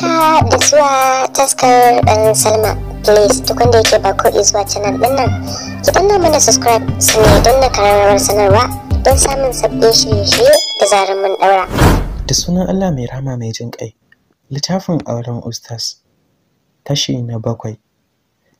haka da zuwa taskar dan salma please duk wanda yake ba ko zuwa canal din nan ki danna mana subscribe su ne don na kararrawar sanarwa don samun sabbin shirye-shirye da zarar mun daura da sunan allah mai rama mai jin kai littafin auren ustas tashi na bakwai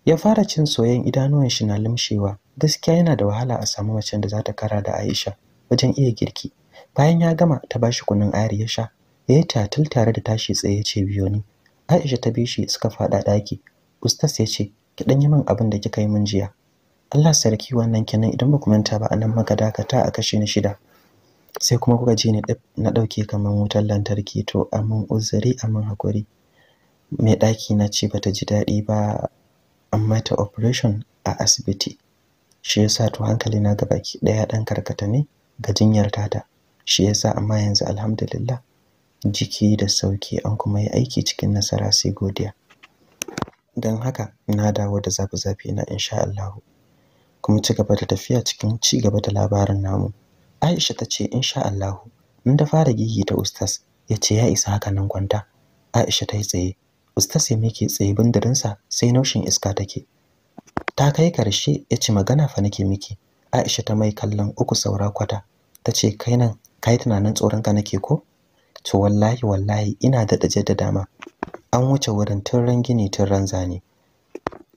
ya fara cin soyayyen idanuwan shi na limshewa gaskiya yana da wahala a samu macen da za ta kara da aisha wajen iya girki bayan ya gama ta bashi kunun ayar ya sha ya eh, yi tare da tashi tsaye ya ce biyo ni aisha ta bi shi suka faɗa ɗaki ustas ya ce ki dan yi min abin da kika yi min jiya allah sarki wannan kenan idan ba ku manta ba anan maka dakata a kashe ni shida sai kuma kuka ji ni na ɗauke kamar wutar lantarki to amin uzuri amin hakuri mai ɗaki na ce bata ji daɗi ba amma ta operation a asibiti shi yasa to hankali na gabaki ɗaya dan karkata ne ga jinyar tata shi yasa amma yanzu alhamdulillah jiki da sauki an kuma yi aiki cikin nasara sai godiya don haka na dawo da zafi-zafi na insha Allah kuma ci gaba da tafiya cikin ci gaba da labarin namu Aisha ta ce insha Allah in da fara gigi ta ustas ya ce ya isa haka nan kwanta Aisha ta yi tsaye ustas ya mike tsaye bindirinsa sai naushin iska take ta kai karshe ya ce magana fa nake miki Aisha ta mai kallon uku saura kwata ta ce kai nan kai tunanin tsoronka nake ko to wallahi wallahi ina daje da dama. an wuce wurin tun ran gini tun ran zane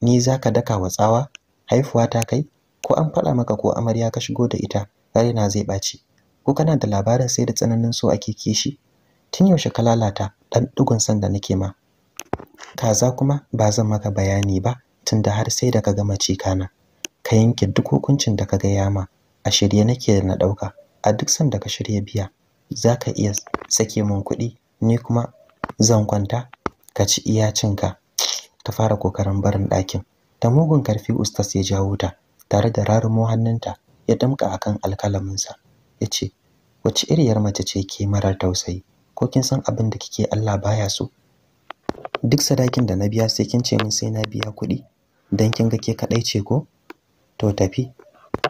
ni zaka daka wa tsawa haifuwa ta kai ko an faɗa maka ko amarya ka shigo da ita raina zai ɓaci ko kana da labarin sai da tsananin so ake kishi tun yaushe ka lalata ɗan ɗigon sanda nake ma kaza kuma ba zan maka bayani ba tunda har sai da ka gama cikana ka yanke duk hukuncin da ka ga yama a shirye nake na ɗauka a duk sanda ka shirya biya zaka iya sake min kuɗi ni kuma zan kwanta ka ci iya cinka ta fara kokarin barin ɗakin Ta mugun karfi ustas ya jawo ta tare da rarumo hannunta ya damka akan alkalaminsa ya ce wace iriyar mace ce ke marar tausayi ko kin san abin da kike Allah baya so duk sadakin da na biya sai kin ce min sai na biya kuɗi dan kin ga ke kadai ce ko to tafi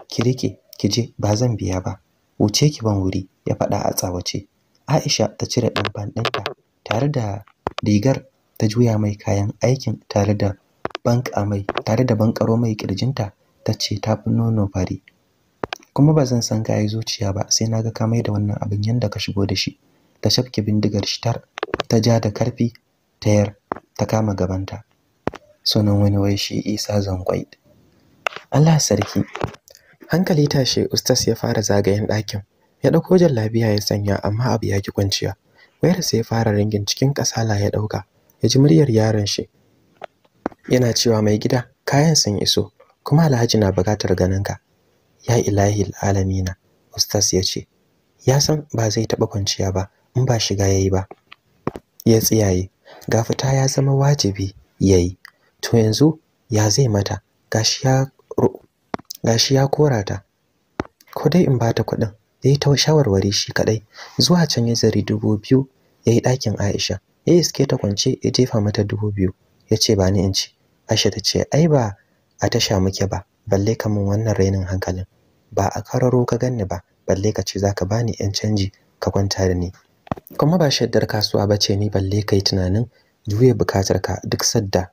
ki rike ki je ba zan biya ba wuce ki ban wuri ya faɗa a tsawace Aisha ta cire ɗan banɗanta tare da rigar ta juya mai kayan aikin tare da banka mai tare da bankaro mai kirjinta ta ce ta fi nono fari kuma ba zan san kayi zuciya ba sai na ga kamai da wannan abin yanda ka shigo da shi ta shafke bindigar shi tar ta ja da karfi tayar ta kama gabanta sunan wani wai shi Isa Zangwai Allah sarki hankali tashe ustas ya fara zagayen ɗakin ya ɗauko jallabiya ya sanya amma abu ya ki kwanciya wayar sai ya fara ringin cikin kasala ya ɗauka ya ji muryar yaron shi yana cewa mai gida kayan sun iso kuma alhaji na buƙatar ganinka ya ilahi alamina ustaz ya ce ya san ba zai taɓa kwanciya ba in ba shiga ya yi ba ya tsiyaye ga fita ya zama wajibi ya yi to yanzu ya zai mata gashi ya korata ko dai in ba ta kuɗin ya yi ta shawarwari shi kadai zuwa can ya zari dubu biyu ya yi ɗakin Aisha ya iske ta kwance ya jefa mata dubu biyu ya ce ba ni in ci Aisha ta ce ai ba a tasha muke ba balle ka min wannan rainin hankalin ba a kararo ka ganni ba balle ka ce zaka bani yan canji ka kwanta da ni kuma ba shaddar kasuwa ba ce ni balle ka yi tunanin juya bukatar ka duk sadda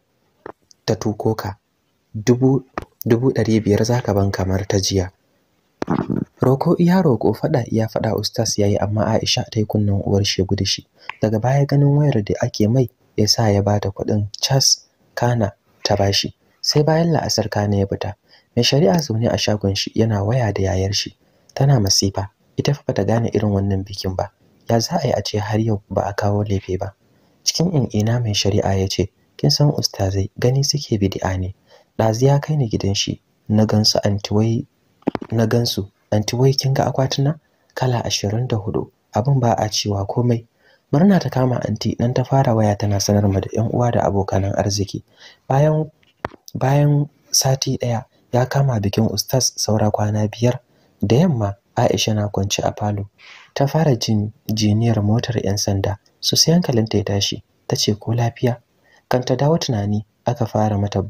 ta tuko ka dubu dubu ɗari biyar zaka ban kamar ta jiya Roko iya roko fada iya fada ustaz yi amma Aisha ta yi kunnen uwar shi gudu shi. Daga baya ganin wayar da ake mai ya sa ya bada kuɗin cas kana ta bashi. Sai bayan la'asar kana ya fita. Mai shari'a zaune a shagon shi yana waya da yayar shi. Tana masifa. Ita fa bata gane irin wannan bikin ba. Ya za a yi a ce har yau ba a kawo lefe ba. Cikin in'ina mai shari'a ya ce, kin san ustazai gani suke bidi'a ne. Ɗazu ya kai ni gidan shi na gansu antiwai na gansu anti kin ga akwatuna kala 24 abin ba a cewa komai murna ta kama anti nan ta fara waya tana sanar ma da ƴan uwa da abokan arziki bayan bayan sati daya ya kama bikin ustaz saura kwana biyar da yamma Aisha na kwance a falo ta fara jin jiniyar motar 'yan sanda su sai hankalinta ya tashi ta ce ko lafiya Kanta dawo tunani aka fara mata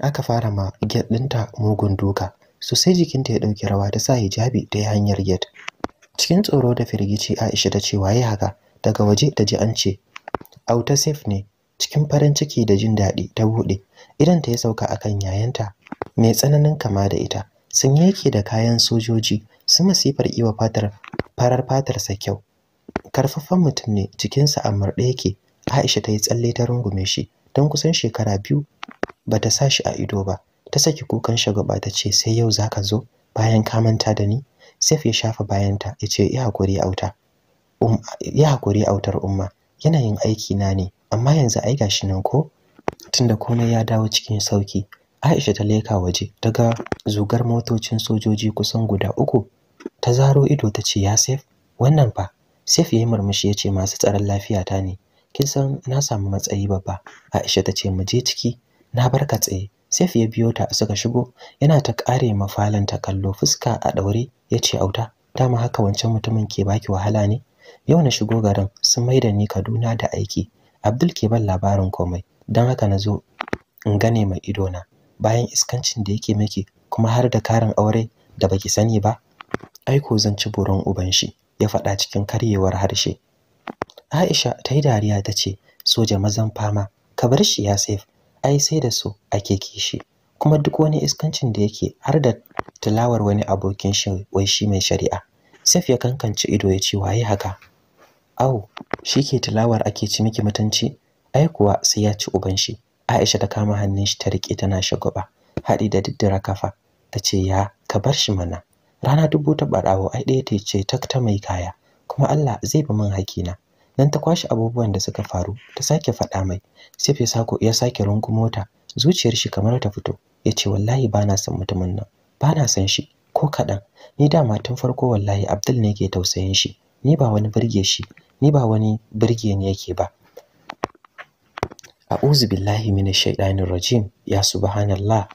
aka fara ma gyaɗinta mugun duka sai jikinta ya ɗauki rawa ta sa hijabi da yi hanyar gate cikin tsoro da firgici Aisha ta ce waye haka daga waje ta ji an ce auta safe ne cikin farin ciki da jin daɗi ta bude, idan ta ya sauka akan yayanta mai tsananin kama da ita sun yake da kayan sojoji su masifar iwa fatar farar fatarsa kyau karfafan mutum ne cikinsa a murɗe yake Aisha ta yi tsalle ta rungume shi don kusan shekara biyu bata sa shi a ido ba ta saki kukan gaba ta ce sai yau zaka zo bayan ka manta da ni Saif ya shafa bayanta ya ce ya hakuri auta um ya hakuri autar umma yanayin aiki na ne amma yanzu ai gashi nan ko tunda komai ya dawo cikin sauki Aisha ta leka waje daga zugar motocin sojoji kusan guda uku ta zaro ido ta ce ya Saif wannan fa Saif ya yi murmushi ya ce masu tsaron lafiya ta ne kin san na samu matsayi babba Aisha ta ce mu je ciki na barka tsaye sef ya biyo ta suka shigo yana ta kare ta kallo fuska a daure yace auta dama haka wancan mutumin ke baki wahala ne yau na shigo garin sun maida ni Kaduna da aiki Abdul ke ban labarin komai dan haka na zo in gane mai ido na bayan iskancin da yake miki kuma har da karin aure da baki sani ba aiko zan ci buran uban shi ya faɗa cikin karyewar harshe Aisha ta yi dariya ta ce soja mazan fama ka bar shi ya safe ai sai da su ake kishi kuma duk wani iskancin da yake har da tilawar wani abokin shi wai shi mai shari'a Saf ya kankance ido ya ce waye haka au shike tilawar ake ci miki mutunci ai kuwa sai ya ci uban shi Aisha ta kama hannun shi ta rike tana shagwaba haɗi da diddira kafa ta ce ya ka bar shi mana rana dubu ta barawo ai ɗaya ta ce ta mai kaya kuma Allah zai bi min hakina nan ta kwashe abubuwan da suka faru ta sake faɗa mai sai fesako ya sake mota, zuciyar shi kamar ta fito yace wallahi ba na son mutumin nan ba na son shi ko kaɗan ni da matun farko wallahi abdul ne ke tausayin shi ni ba wani birge shi ni ba wani birge ni yake ba a'udhu billahi minash shaitanir rajim ya subhanallah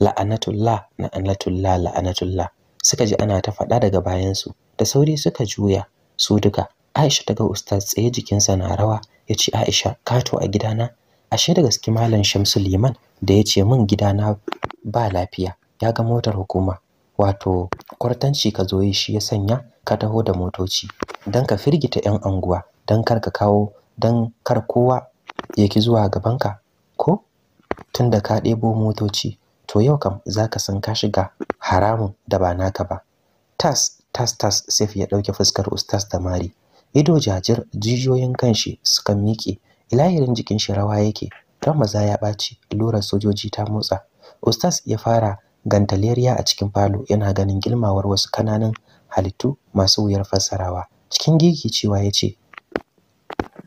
la'anatullah la'anatullah la'anatullah suka ji ana ta faɗa daga bayansu da sauri suka juya su duka Aisha ta ga ustaz tsaye jikinsa na rawa ya ce Aisha to a gidana ashe da gaske malam Shamsu Liman da ya ce min gidana ba lafiya ya ga motar hukuma wato kwartanci ka zo yi shi ya sanya ka taho da motoci dan ka firgita 'yan anguwa dan kar ka kawo dan kar kowa ya ki zuwa gabanka ko tunda ka ɗebo motoci to yau kam zaka san ka shiga haramun da ba naka ba tas tas tas sai ya ɗauke fuskar ustaz da mari ido jajir jijiyoyin kanshi suka miƙe ilahirin jikin shi rawa yake ran maza ya ɓaci lurar sojoji ta motsa ustas ya fara gantaleriya a cikin falo yana ganin girmawar wasu kananan halittu masu wuyar fassarawa cikin gigi cewa ya ce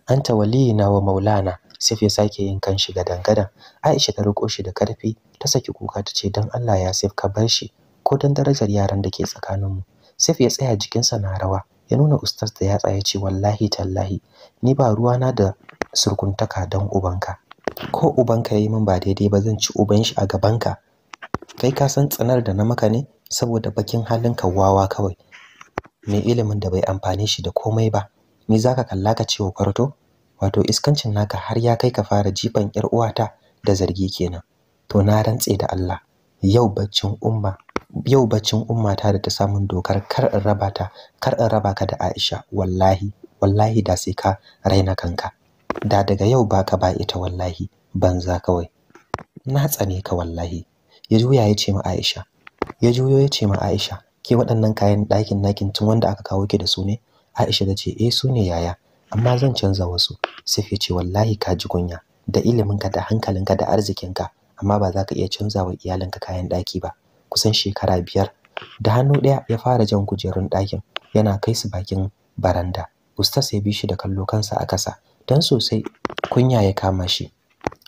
An anta na wa maulana sif ya sake yin kanshi gadan-gadan aisha ta riko shi da karfi ta saki kuka ta ce don allah ya sif ka bar shi ko don darajar yaran da ke tsakaninmu sif ya tsaya jikinsa na rawa ya nuna ustaz da yatsa ya ce wallahi tallahi ni ba ruwa na da surkuntaka don ubanka ko ubanka yayi min ba daidai ba zan ci uban shi a gaban ka. kai ka san tsanar da na maka ne saboda bakin halin wawa kawai mai ilimin da bai amfane shi da komai ba me zaka kalla ka ce wa kwarto wato iskancin naka har ya kai ka fara jifan yar uwata da zargi kenan to na rantse da Allah yau baccin umma yau baccin ummata da ta samun dokar kar in raba ta kar in raba ka da Aisha wallahi wallahi da sai ka raina kanka da daga yau baka ba ita wallahi banza kawai na tsane ka wallahi ya juya ya ce ma Aisha ya juyo ya ce ma Aisha ke waɗannan kayan ɗakin nakin tun wanda aka kawo ki da su ne Aisha ta ce eh su ne yaya amma zan canza wasu sai ce wallahi ka ji kunya da iliminka da hankalinka da arzikinka amma ba za ka iya canza wa iyalinka kayan ɗaki ba kusan shekara biyar da hannu ɗaya ya fara jan kujerun ɗakin yana kai su bakin baranda ustas ya bi shi da kallo kansa a ƙasa. dan sosai kunya ya kama shi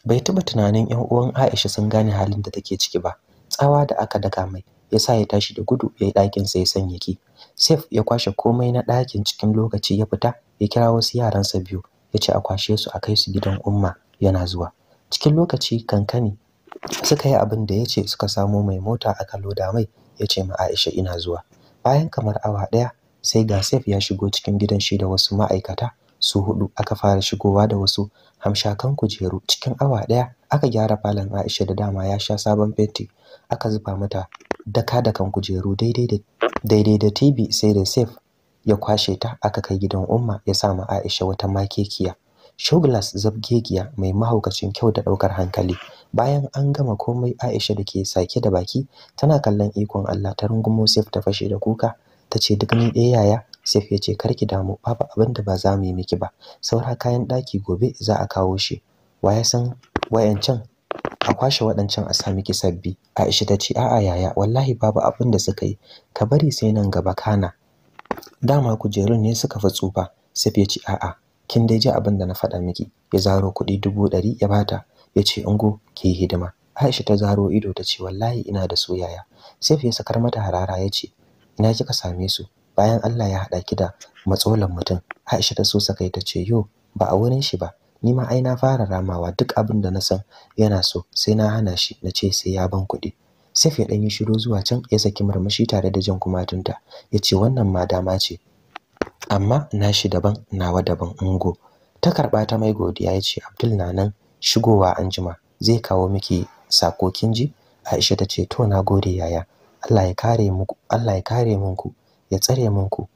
bai taɓa tunanin 'yan uwan Aisha sun gane halin da take ciki ba tsawa da aka daga mai yasa ya tashi da gudu ya yi ɗakin ya sanya ki ya kwashe komai na ɗakin cikin lokaci ya fita ya kira wasu yaransa biyu ya ce a kwashe su a kai su gidan umma yana zuwa cikin lokaci kankani suka yi abin da ya ce suka samo mai mota aka loda mai ya ce ma Aisha ina zuwa bayan kamar awa ɗaya sai ga Saif ya shigo cikin gidan shi da wasu ma'aikata su hudu aka fara shigowa da wasu hamshakan kujeru cikin awa ɗaya aka gyara falon Aisha da dama ya sha sabon fenti aka zuba mata daka dakan kujeru daidai da daidai da TV sai da Saif ya kwashe ta aka kai gidan Umma ya sa ma Aisha wata makekiya Shuglas zabgegiya mai mahaukacin kyau da ɗaukar hankali. Bayan an gama komai Aisha da ke sake da baki tana kallon ikon Allah ta rungumo Saif ta fashe da kuka ta ce duk ni ɗaya yaya Saif ya ce karki damu babu abin da ba za mu yi miki ba saura kayan daki gobe za a kawo shi wa ya san wayancan a kwashe waɗancan a sa miki sabbi Aisha ta ce a'a yaya wallahi babu abin da suka yi ka bari sai nan gaba kana dama kujerun ne suka fi tsufa Saif ya ce a'a kin dai ji abin da na faɗa miki ya zaro kuɗi dubu ɗari ya bata ya ce ungo ki hidima Aisha ta zaro ido ta ce wallahi ina da su yaya Saif ya sakar mata harara ya ce ina kika same su bayan Allah ya haɗa ki da matsolan mutum Aisha ta so sakai ta ce yo ba a wurin shi ba ni ma ai na fara ramawa duk abin da na san yana so sai na hana shi na ce sai ya ban kuɗi Saif ya ɗan yi shiru zuwa can ya saki murmushi tare da jan kumatunta ya ce wannan ma dama ce amma na shi daban nawa daban ungo ta karba ta mai godiya ya ce Abdul na nan shigowa anjima zai kawo miki sako kinji Aisha ta ce to na gode yaya Allah ya kare ya munku ya tsare munku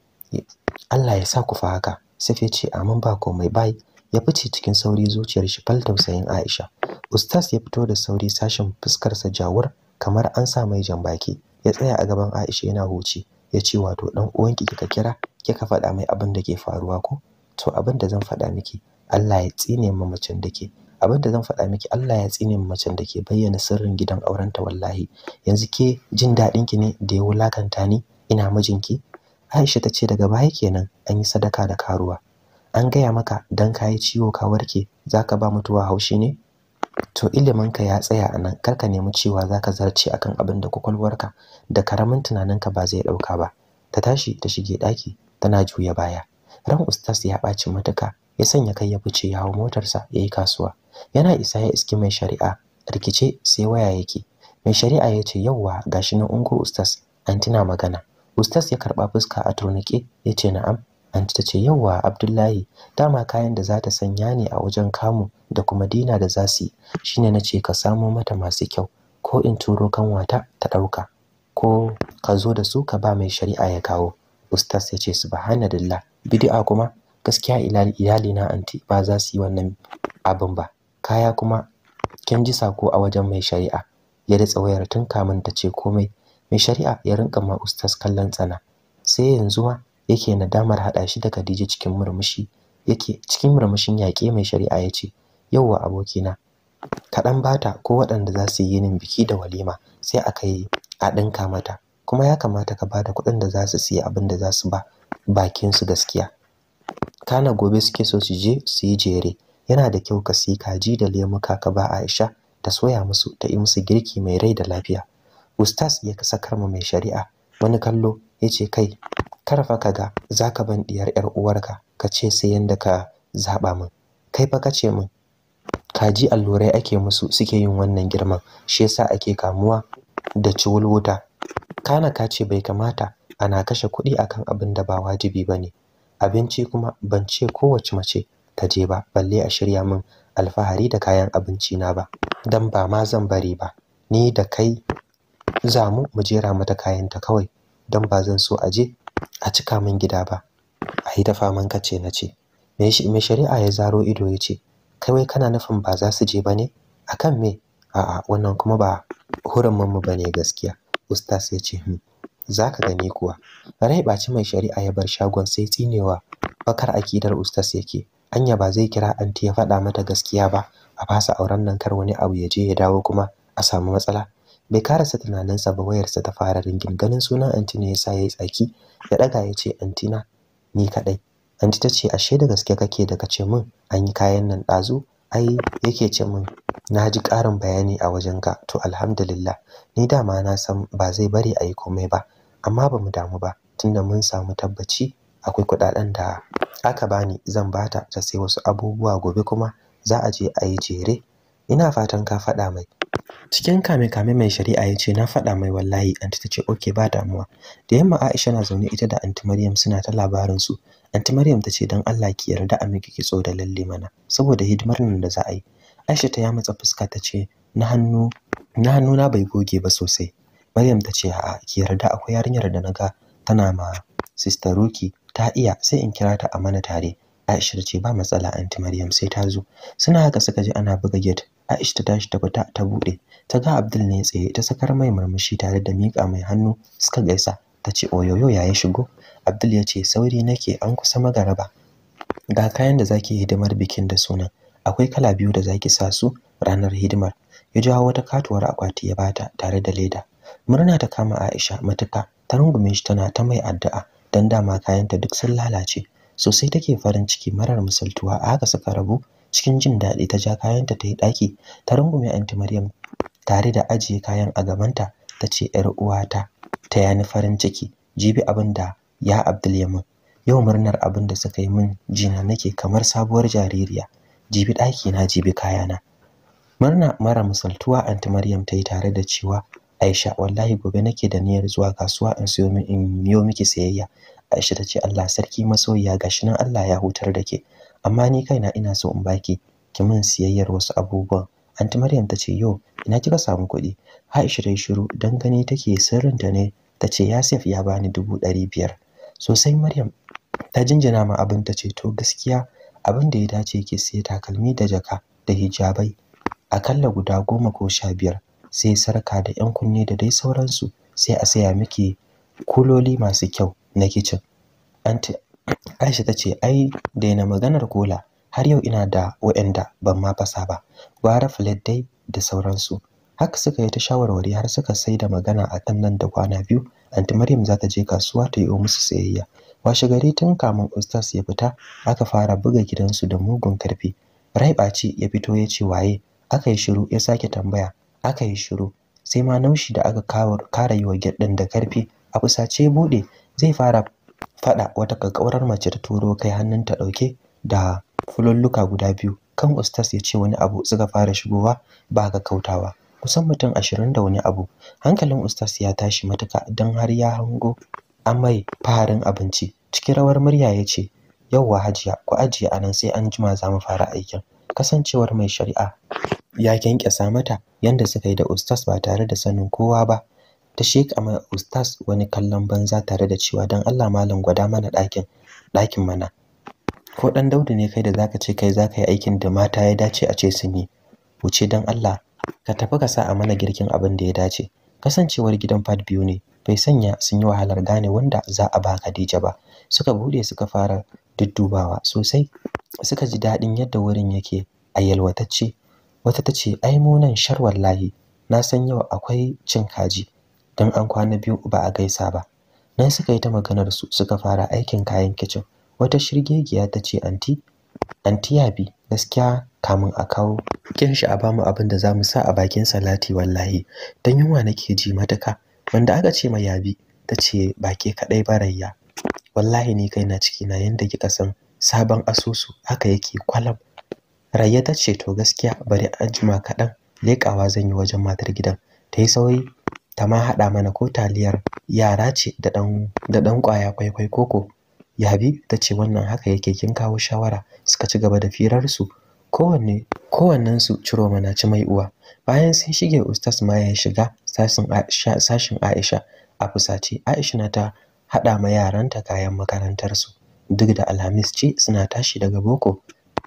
Allah ya sa ku fa haka Safiya ce amin ba mai bai ya fice cikin sauri zuciyar shi fal tausayin Aisha Ustaz ya fito da sauri sashin fuskarsa sa jawur kamar an sa mai jambaki ya tsaya a gaban Aisha yana huce ya ce wato 'dan uwanki kika kira kika faɗa mai abin da ke faruwa ko to abin da zan faɗa miki Allah ya tsine ma macen da ke abin da zan faɗa miki Allah ya tsine ma macen da ke bayyana sirrin gidan aurenta wallahi yanzu ke jin daɗin ki ne da ya wulakanta ni ina mijinki Aisha ta ce daga baya kenan an yi sadaka da karuwa an gaya maka dan kayi ciwo ka warke zaka ba mutuwa haushi ne to iliminka ya tsaya a nan karka nemi cewa za ka zarce akan abin da kwakwalwarka da karamin tunaninka ba zai ɗauka ba ta tashi ta shige daki tana juya baya ran Ustas ya ɓaci matuka ya sanya kai ya fice ya hau motarsa ya yi kasuwa yana isa ya iski mai shari'a rikice sai waya yake mai shari'a ya ce yauwa gashi na ungo ustaz an tuna magana Ustas ya karɓa fuska a turnike ya ce na'am anti ta ce yauwa abdullahi dama kayan da za ta sanya ne a wajen kamu da kuma dina da za yi shine na ce ka samo mata masu kyau ko in turo kanwata ta ɗauka ko ka zo da su ka ba mai shari'a ya kawo ustaz ya ce subhanallah bid'a kuma gaskiya iyali na anti ba za su yi wannan abin ba kaya kuma kin ji sako a wajen mai shari'a ya da tsawayar tun kamin ta ce komai mai shari'a ya rinka ma ustaz kallon tsana sai yanzu ma yake nadamar hada shi da Khadija cikin murmushi yake cikin murmushin yaƙe mai shari'a ya ce yauwa abokina ka kaɗan bata ko waɗanda za su yi min biki da walima sai a yi a ɗinka mata kuma ya kamata ka ba da kuɗin da za su siya abin da za su ba bakin su gaskiya kana gobe suke so su je su yi jere yana da kyau ka siyi kaji da lemuka ka ba Aisha ta soya musu ta yi musu girki mai rai da lafiya ustaz ya sakar ma mai shari'a wani kallo ya ce kai karfa ka ga za ka ban ɗiyar yar uwarka ka ce sai yanda ka zaɓa min kai fa ka ce min kaji allurai ake musu suke yin wannan girman shi yasa ake kamuwa da ciwulwuta kana ka ce bai kamata ana kashe kuɗi akan abin da ba wajibi ba ne abinci kuma ban ce kowace mace ta je ba balle a shirya min alfahari da kayan abinci na ba dan ba ma zan bari ba ni da kai za mu mu jera mata kayanta kawai dan ba zan so a je a cika min gida ba a yi ta faman kace na ce Me shari'a ya zaro ido ya ce kai wai kana nufin ba za su je ba ne akan me a'a wannan kuma ba hurumin mu ne gaskiya ustaz ya ce hmm, Za ka gani kuwa rai baci mai shari'a ya bar shagon sai tsinewa bakar akidar ustaz yake anya ba zai kira anti ya faɗa mata gaskiya ba a fasa auren nan kar wani abu ya je ya dawo kuma a samu matsala bai karasa tunaninsa ba wayarsa ta fara ringin ganin sunan anti ne yasa yayi tsaki ya ɗaga ya ce antina ni kadai Anti ta ce ashe da gaske kake da kace min an yi kayan nan ɗazu ai yake ce min na ji ƙarin bayani a wajenka to alhamdulillah ni dama na san ba zai bari a yi komai ba amma ba mu damu ba tunda mun samu tabbaci akwai kuɗaɗen da aka bani zan bata ta sai wasu abubuwa gobe kuma za a je a yi jere ina fatan ka faɗa mai cikin kame kame mai shari'a ya ce na faɗa mai wallahi anti ta ce okay ba damuwa da yamma Aisha na zaune ita da anti Maryam suna ta labarin su anti Maryam ta ce dan Allah ki yarda a miki kitso da lalle mana saboda hidimar nan da za a yi Aisha ta ya matsa fuska ta ce na hannu na hannu na bai goge ba sosai Maryam ta ce a'a ki yarda akwai yarinyar da naga tana ma sister Ruki ta iya sai in kira ta a mana tare Aisha ta ce ba matsala anti Maryam sai ta zo suna haka suka je ana buga gate Aisha ta tashi ta fita ta bude ta ga Abdul ne tsaye ta sakar mai murmushi tare da miƙa mai hannu suka gaisa ta ce oyoyo ya ya shigo Abdul ya ce sauri nake an kusa magaraba ga kayan da zaki hidimar bikin da sunan akwai kala biyu da zaki sa su ranar hidimar ya jawo wata katuwar akwati ya bata tare da leda murna ta kama Aisha matuka ta rungume shi tana ta mai addu'a dan dama kayanta duk sun lalace sosai take farin ciki marar misaltuwa a haka suka rabu cikin jin daɗi ta ja kayanta ta yi ɗaki ta rungume anti Maryam tare da ajiye kayan a gabanta ta ce ‘yar uwata ta yani farin ciki jibi abin da ya abdul yamin yau murnar abin da suka yi min jina nake kamar sabuwar jaririya jibi ɗaki na jibi kayana murna mara misaltuwa anti maryam ta yi tare da cewa aisha wallahi gobe nake da niyyar zuwa kasuwa in siyo in yo miki sayayya aisha ta ce allah sarki masoyiya gashi nan allah ya hutar da ke amma ni kaina ina so in baki ki min siyayyar wasu abubuwan anti maryam tace ce yo ina kika samu kuɗi aisha dai shiru dan gani take sirrin ta ne tace ce yasif ya bani dubu ɗari biyar sosai maryam ta jinjina ma abin ta ce to gaskiya abin da ya dace ke sai takalmi da jaka da hijabai A kalla guda goma ko sha biyar sai sarka da yan kunne da dai sauransu sai a saya miki kuloli masu kyau na kicin anti aisha tace ce ai daina maganar kola har yau ina da waɗanda ban ma fasa ba gwara flat da sauransu haka suka yi ta shawarwari har suka sai da magana a kan nan da kwana biyu anti maryam za ta je kasuwa ta yi musu sayayya washe gari tun kamun ustas ya fita aka fara buga gidansu da mugun karfi rai ɓaci ya fito ya ce waye aka yi shiru ya sake tambaya aka yi shiru sai ma naushi da aka kara yi wa gyaɗin da karfi a fusace buɗe zai fara faɗa wata kakkaurar mace ta turo kai hannunta ɗauke da fululluka guda biyu kan ustas ya ce wani abu suka fara shigowa ba ga kautawa kusan mutum ashirin da wani abu hankalin ustas ya tashi matuka don har ya hango amai farin abinci cikin rawar murya ya ce yauwa hajiya ku ajiye anan sai an jima za mu fara aikin kasancewar mai shari'a ya kyankyasa mata yanda suka yi da ustas ba tare da sanin kowa ba ta sheka mai ustas wani kallon banza tare da cewa don Allah malam gwada mana ɗakin mana ko dan daudu ne kai da zaka ce kai zaka yi aikin da mata ya dace a ce sun yi wuce dan Allah ka tafi ka sa a mana girkin abin da ya dace kasancewar gidan fat biyu ne bai sanya sun yi wahalar gane wanda za a ba Khadija ba suka bude suka fara duddubawa sosai suka ji daɗin yadda wurin yake a yalwatacce wata ta ce ai mu nan shar wallahi na san yau akwai cin kaji don an kwana biyu ba a gaisa ba nan suka yi ta maganar su suka fara aikin kayan kicin wata shirgegiya ta ce anti anti yabi gaskiya kamun a kawo kin shi a bamu abin da zamu sa a bakin salati wallahi dan yunwa nake ji mataka wanda aka ce ma yabi ta ce ba ke kadai barayya wallahi ni kai na ciki na yanda kika san sabon asusu haka yake kwalam rayya ta ce to gaskiya bari a jima kaɗan leƙawa zan yi wajen matar gidan ta yi sauri ta ma haɗa mana ko taliyar yara ce da ɗan kwaya kwaikwai koko ya bi ta ce wannan haka yake kin kawo shawara suka ci gaba da firarsu kowanne su ciro mana ci mai uwa bayan sun shige ustas ma ya shiga sashin aisha a fusace aisha na ta haɗa ma yaranta kayan makarantarsu duk da alhamis ce suna tashi daga boko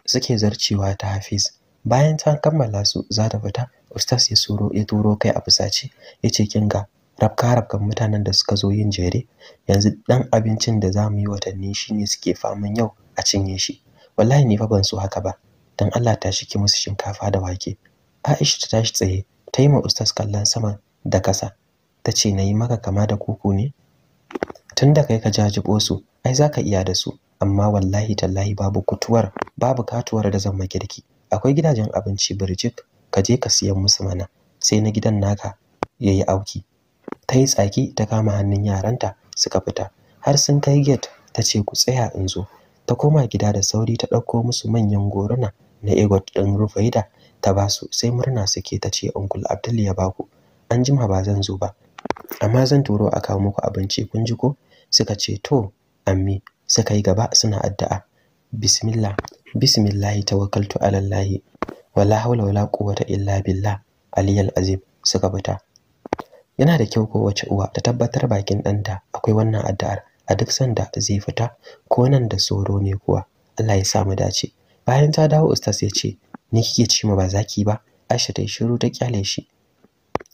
suke zarcewa ta hafiz bayan ta kammala su za ta fita ustas ya ya turo kai a fusace ya ce kin ga rafka-rafkan mutanen da suka zo yin jere yanzu dan abincin da za mu yi watanni shine suke faman yau a cinye shi wallahi ni fa ban so haka ba dan Allah ta shiki musu shinkafa da wake Aisha ta tashi tsaye ta yi ma ustaz kallon sama da kasa ta ce na yi maka kama da koko ne Tunda kai ka jajibo su ai za ka iya da su amma wallahi tallahi babu kutuwar babu katuwar da zan girki. akwai gidajen abinci birjik ka je ka siyan musu mana sai na gidan naka yayi auki ta yi tsaki ta kama hannun yaranta suka fita har sun kai Get ta ce ku tsaya in zo ta koma gida da sauri ta ɗauko musu manyan goruna na egot ɗin rufaida ta su sai murna suke ta ce uncle abdul ya baku an jima ba zan zo ba amma zan turo a kawo muku abinci kun ji ko suka ce to ammi suka yi gaba suna addu'a bismillah bismillah tawakkaltu alallahi wala hawla wala quwwata illa billah aliyal azim suka fita yana da kyau kowace uwa ta tabbatar bakin ɗanta akwai wannan addu'ar a duk sanda zai fita ko nan da tsoro ne kuwa Allah ya samu dace bayan ta dawo ustaz ya ce ni kike ci ma ba zaki ba Aisha ta shiru ta kyale shi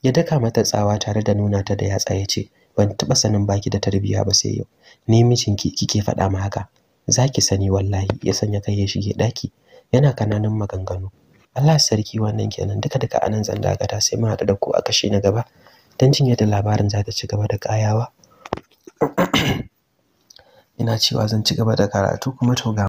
ya daka mata tsawa tare da nuna ta da yatsa ya ce ban taɓa sanin baki da tarbiyya ba sai yau ni mijinki kike faɗa ma haka zaki sani wallahi ya sanya kai ya shige daki yana kananan maganganu Allah sarki wannan kenan duka duka anan zan dakata sai mu haɗu da ku a kashe na gaba don jin yadda labarin za ta ci gaba da kayawa, ina cewa zan ci gaba da karatu kuma to ga